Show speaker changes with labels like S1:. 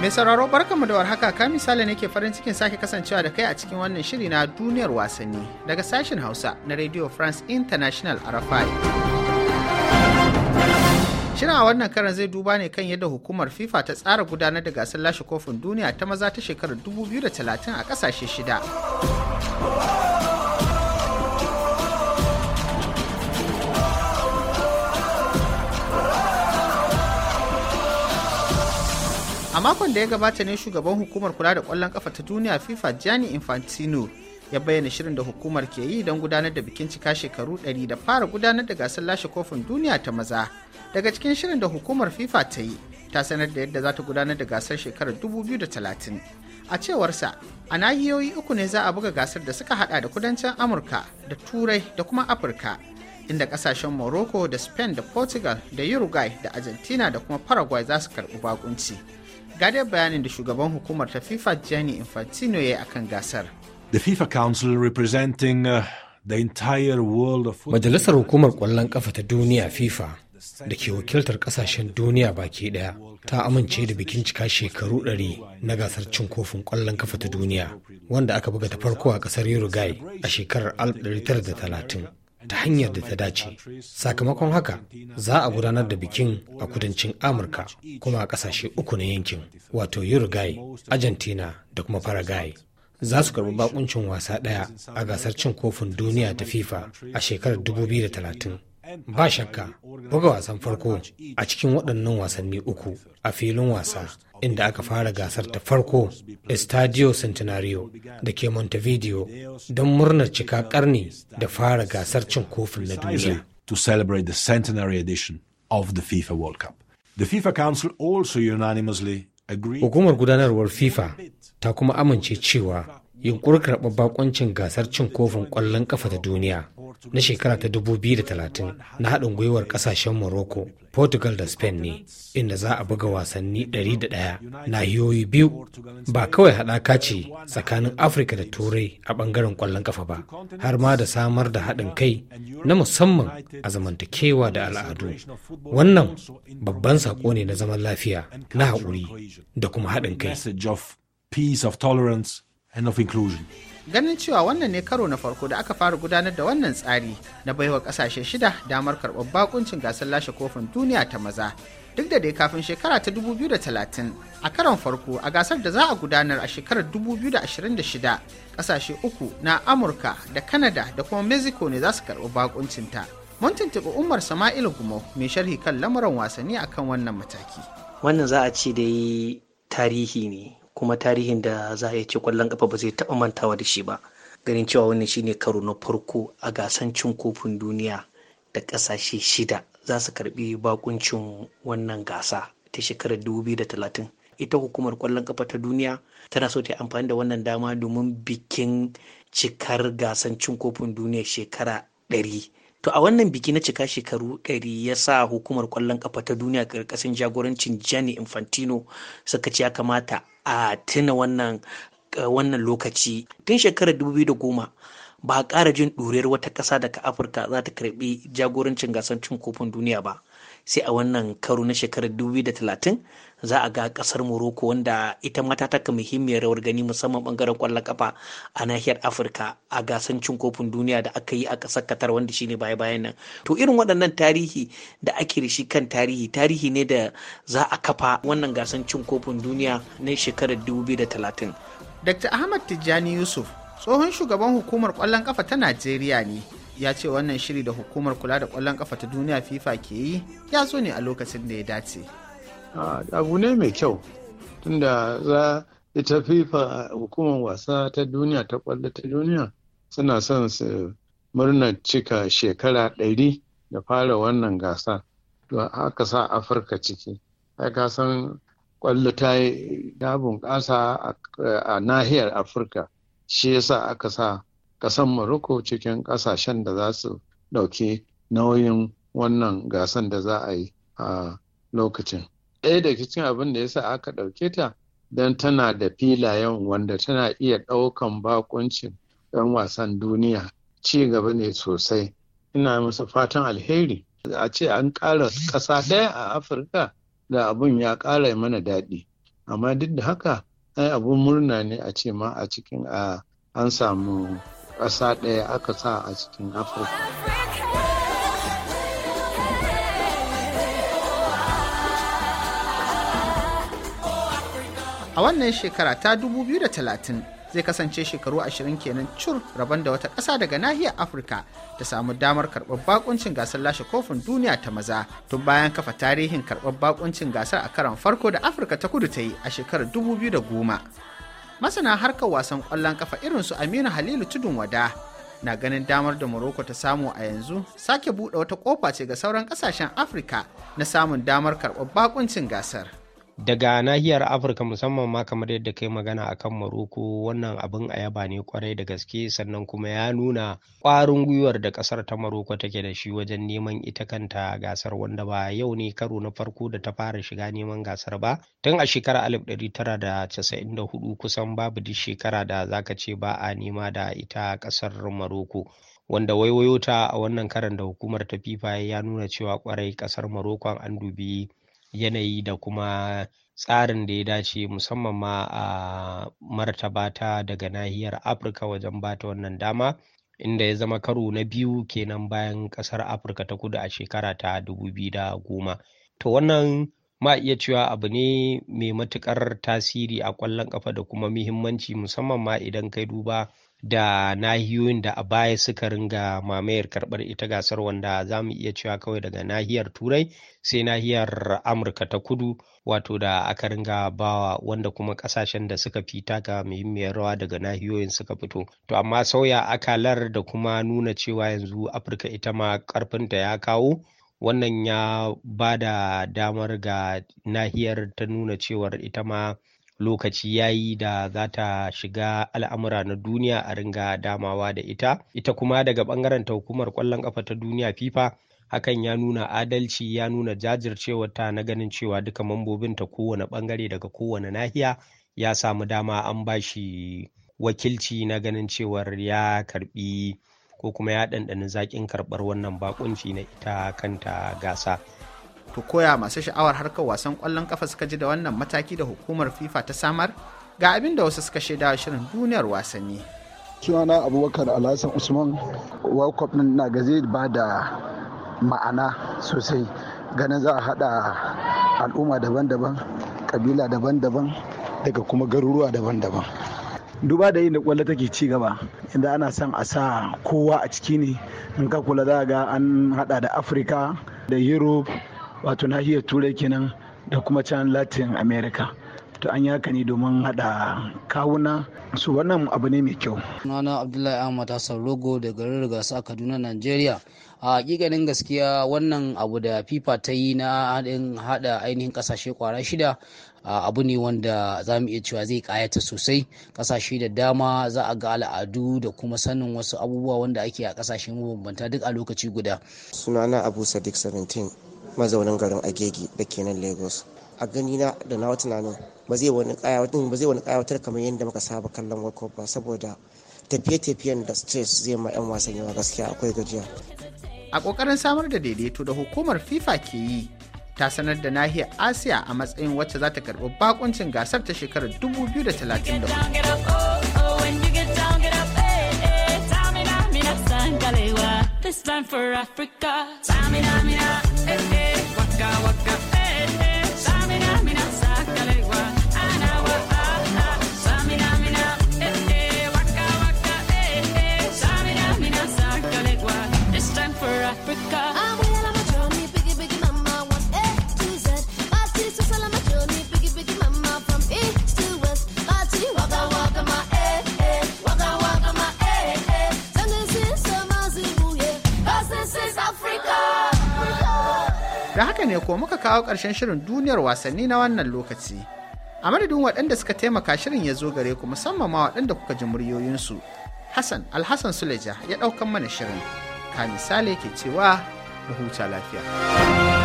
S1: Mai sauraro barkanmu da warhaka ka misali ne ke farin cikin sake kasancewa da kai a cikin wannan shiri na duniyar wasanni daga sashen Hausa na Radio France International RFI. Shirin a wannan karan zai duba ne kan yadda hukumar FIFA ta tsara gudanar da gasar lashe kofin duniya ta maza ta shekarar 2030 a kasashe shida. a makon da ya gabata ne shugaban hukumar kula da kwallon kafa ta duniya fifa gianni infantino ya bayyana shirin da hukumar ke yi don gudanar da bikin cika shekaru 100 da fara gudanar da gasar lashe kofin duniya ta maza daga cikin shirin da hukumar fifa ta yi ta sanar da yadda za ta gudanar da gasar shekarar 2030 a cewarsa a nahiyoyi uku ne za a buga gasar da suka hada da kudancin amurka da turai da kuma afirka inda kasashen morocco da spain da portugal da uruguay da argentina da kuma paraguay za su karbi bakunci Gadar bayanin da shugaban hukumar ta FIFA Gianni Infantino ya yi akan gasar.
S2: The FIFA Council representing uh, the entire world of Majalisar Hukumar kwallon kafa ta Duniya FIFA da ke wakiltar ƙasashen duniya baki ɗaya ta amince da bikin cika shekaru 100 na gasar cin kofin ƙwallon kafa ta duniya wanda aka buga ta farko a ƙasar Uruguay a shekarar 1930. ta hanyar da ta dace sakamakon haka za a gudanar da bikin a kudancin amurka kuma a kasashe uku na yankin wato uruguay argentina da kuma paraguay za su karbi bakuncin wasa daya a gasar cin kofin duniya ta fifa a shekarar 2030 ba shakka buga wasan farko a cikin waɗannan wasanni uku a filin wasa inda aka fara gasar ta farko estadio centenario da ke montevideo don murnar cika karni da fara gasar cin kofin na duniya to celebrate the centenary edition of the FIFA World Cup. The FIFA Council also unanimously agreed Hukumar gudanarwar FIFA ta kuma amince cewa yunkurin karɓar bakoncin gasar cin kofin ƙwallon ƙafa ta duniya na shekara ta 2030 na haɗin gwiwar ƙasashen Morocco, Portugal da Spain ne, inda za a buga wasanni 101 nahiyoyi biyu ba kawai haɗaka ce tsakanin Afirka da Turai a ɓangaren ƙwallon ƙafa ba, har ma da samar da haɗin kai na musamman a zamantakewa da al'adu. Wannan babban saƙo ne na zaman lafiya, na haƙuri da kuma haɗin kai. Peace of tolerance and of
S1: ganin cewa wannan ne karo na farko da aka fara gudanar da wannan tsari na baiwa kasashe shida damar karɓar bakuncin gasar lashe kofin duniya ta maza duk da dai kafin shekara ta 2030 a karon farko a gasar da za a gudanar a shekarar 2026 kasashe uku na amurka da Kanada da kuma mexico ne za su karɓi bakuncinta mun tuntuɓi umar sama'il gumo mai sharhi kan lamuran wasanni akan wannan mataki
S3: wannan za a ce dai tarihi ne kuma tarihin da za a iya ce kwallon kafa ba zai taɓa mantawa da shi ba ganin cewa wannan shine karo na farko a gasan cin kofin duniya da ƙasashe shida za su karbi bakuncin wannan gasa ta shekarar 2030 ita hukumar kwallon kafa ta duniya tana so ta yi amfani da wannan dama domin bikin cikar gasan cin kofin duniya shekara ɗari. To a wannan biki na cika shekaru ɗari ya sa hukumar ƙwallon ƙafa ta duniya ƙarƙashin jagorancin jani Infantino suka ce ya kamata a tuna wannan eh, wannan lokaci tun shekarar 2010 ba a ƙara jin ɗuriyar wata ƙasa daga afirka za ta karɓi jagorancin gasar cin kofin duniya ba sai a wannan karo na shekarar 2030 za a ga ƙasar morocco wanda ita mata taka muhimmiyar rawar gani musamman ɓangaren ƙwallon ƙafa a nahiyar afirka a gasar cin kofin duniya da aka yi a ƙasar qatar wanda shine baya bayan nan to irin waɗannan tarihi da ake da shi kan tarihi tarihi ne da za a kafa wannan gasar cin kofin duniya na shekarar da 2030 dr ahmad tijjani yusuf
S1: tsohon shugaban hukumar kwallon kafa ta najeriya ne ya ce wannan shiri da hukumar kula da kwallon kafa ta duniya fifa ke yi ya zo ne a lokacin da ya dace abu ne mai kyau tunda za ita fifa hukumar wasa ta duniya ta kwallo ta duniya suna son su murna cika shekara ɗari da fara wannan gasa to aka sa afirka ciki ka san kwallo ta yi dabun a nahiyar afirka shi yasa aka sa ƙasan Morocco cikin ƙasashen da za su ɗauki nauyin wannan gasan da za a yi a lokacin. Ɗaya daga cikin abin da yasa aka ɗauke ta don tana da filayen wanda tana iya ɗaukan bakuncin 'yan wasan duniya ci gaba ne sosai. Ina musu fatan alheri. A ce an ƙara ƙasa ɗaya a Afirka da abun ya ƙara mana daɗi. Amma duk da haka ai abun murna ne a ce ma a cikin a an samu ƙasa ɗaya aka sa a cikin afirka a wannan shekara ta 2030 zai kasance shekaru ashirin kenan cur rabon da wata ƙasa daga nahiyar afirka ta samu damar karɓar bakuncin gasar lashe kofin duniya ta maza tun bayan kafa tarihin karɓar bakuncin gasar a karon farko da afirka ta kudu ta yi a shekarar dubu biyu da goma. masana harkar wasan ƙwallon kafa irin su aminu halilu tudun wada na ganin damar da Morocco ta samu a yanzu sake buɗe wata ƙofa ce ga sauran ƙasashen Afirka na samun damar karɓar bakuncin gasar.
S4: daga nahiyar afirka musamman ma kamar yadda kai magana akan maroko wannan abin a yaba ne kwarai da gaske sannan kuma ya nuna kwarin gwiwar da kasar ta maroko take da shi wajen neman ita kanta gasar wanda ba yau ne karo na farko da ta fara shiga neman gasar ba tun a shekarar hudu kusan babu duk shekara da zaka ce ba a nema da ita kasar maroko wanda waiwayota a wannan karan da hukumar ta fifa ya nuna cewa kwarai kasar marokon an dubi yanayi da kuma tsarin da ya dace musamman ma a martaba ta daga nahiyar afirka wajen bata wannan dama inda ya zama karo na biyu kenan bayan kasar afirka ta kudu a shekara ta 2010 to wannan ma iya cewa abu ne mai matukar tasiri a ƙwallon ƙafa da kuma muhimmanci musamman ma idan kai duba da nahiyoyin da a baya suka ringa mamayar karɓar ita gasar wanda za mu iya cewa kawai daga nahiyar turai sai nahiyar amurka ta kudu wato da aka ringa bawa wanda kuma ƙasashen da suka fi taka muhimmiyar rawa daga nahiyoyin suka fito to amma sauya akalar da kuma nuna cewa yanzu afirka ita ma karfinta ya kawo wannan ya ba da damar ga nahiyar ta nuna cewar ita ma lokaci ya yi da za ta shiga al'amura na duniya a ringa damawa da ita ita kuma daga bangaren ta hukumar kwallon kafa ta duniya fifa hakan ya nuna adalci ya nuna jajircewar ta na ganin cewa duka mambobin ta kowane bangare daga kowane nahiya ya samu dama an bashi wakilci na ganin cewar ya karbi ko kuma ya ɗanɗani zaƙin karɓar wannan bakunci na ita
S1: kanta gasa. To koya masu sha'awar harkar wasan ƙwallon kafa suka ji da wannan mataki da hukumar FIFA ta samar ga abin da wasu suka shaida shirin duniyar wasanni.
S2: Sunana Abubakar Alhassan Usman World Cup na gaze ba da ma'ana sosai ganin za a haɗa al'umma daban-daban, kabila daban-daban daga kuma garuruwa daban-daban. duba da yin da kwallo take ci gaba inda ana son a sa kowa a ciki ne in ka kula za ga an hada da afirka da europe wato nahiyar turai kenan da kuma can latin america to an yi haka ne domin haɗa kawuna su wannan abu ne mai kyau. Sunana Abdullahi Ahmad Hassan Rogo da garin Rigasa a Kaduna, Najeriya. a hakikanin gaskiya
S4: wannan abu da fifa ta yi na haɗin haɗa ainihin ƙasashe kwara shida abu ne wanda za mu iya cewa zai kayata sosai ƙasashe da dama za a ga al'adu da kuma sanin wasu abubuwa wanda ake a ƙasashe, mabambanta duk a lokaci guda sunana abu sadiq 17 mazaunin garin agege da kenan nan lagos a gani na da na tunanin ba zai wani kayawatar ba kamar yadda muka saba kallon world ba saboda
S1: tafiye-tafiyen da stress zai ma 'yan wasan
S4: yawa gaskiya akwai gajiya
S1: a kokarin samar da daidaito da hukumar fifa ke yi ta sanar da nahiyar asiya a matsayin wacce za ta karbi bakuncin gasar ta shekarar 2030.
S3: This time for Africa. waka waka.
S1: ne ko muka kawo ƙarshen shirin duniyar wasanni na wannan lokaci. A madadin waɗanda suka taimaka shirin ya zo gare ku musamman ma waɗanda kuka ji muryoyinsu. Hassan Alhassan Suleja ya ɗaukan mana shirin. Ka misali ke cewa mu huta lafiya.